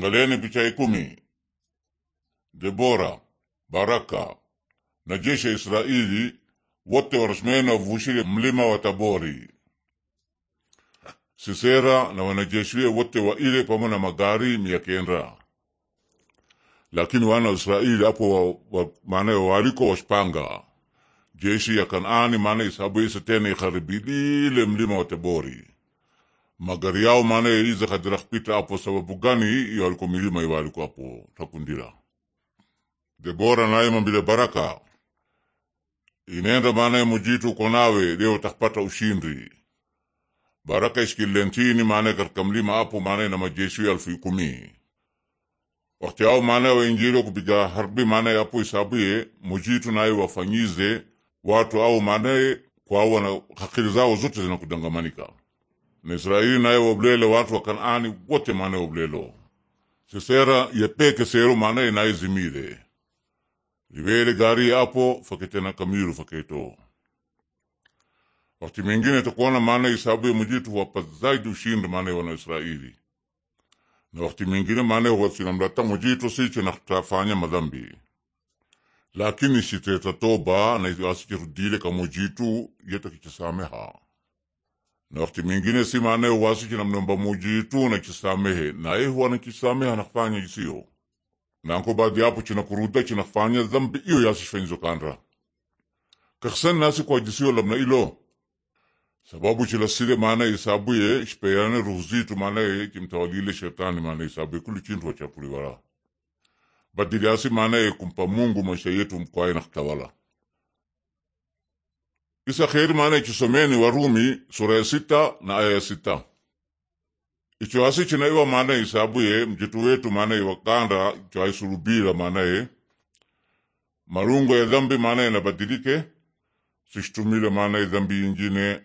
ngaleni picha ikumi Debora, Baraka na jeshi ya Israeli wote warasimiana wavushile mlima wa Tabori. Sisera na wanajeshiwe wote wa ile pamoja na magari mia kenda. Lakini wana wa Israeli hapo maana waliko washpanga jeshi ya Kanaani maana isabu isa tena ile mlima wa Tabori magari yao mane iza kadira kupita apo sababu gani iyo aliko milima iyo aliko apo takundira Debora naye mambile baraka inenda mane mujitu konawe leo takpata ushindi baraka iskilentini mane katika mlima apo mane na majeshi elfu kumi wakati ao maanaye wainjili kupiga harbi maanaye apo isabue mujitu naye wafanyize watu au mane kwa wana hakili zao zote zinakudangamanika na Israeli naye wablele watu wa Kanaani wote mane wablelo sesera yapeke sero mane inaye zimile liwele gari apo faketena kamiru faketo wakati mengine takuona mane isabu ya mujitu wapa zaidi ushindi mane wana Israeli na wakati mengine maana wasinamlata mujitu siche na kutafanya madhambi lakini siteta toba na asichirudile kamujitu yeta kichisameha na wakati mingine si maana ya uwasi kinamnomba tu na kisamehe naye huwa nakisamehe anakufanya isiyo nanko baadhi yapo chinakuruda chinakufanya dhambi iyo yasishifenyizo kandra kaksan nasi kwa kwajisiyo lamna ilo sababu chilasile maana isabu ye shipeyane ruhuzitu maana ye kimtawalile shetani maana isabu ye kuli chintu wachapuliwala badili yasi maana ye kumpa mungu maisha yetu mkwaye kutawala Kisa kheri maana ichisomeni Warumi sura ya sita na aya ya sita icho hasi china iwa maana isabuye mjitu wetu maana iwakanda icho haisulubila maanaye marungo ya dhambi maana inabadilike sishtumile maana dhambi injine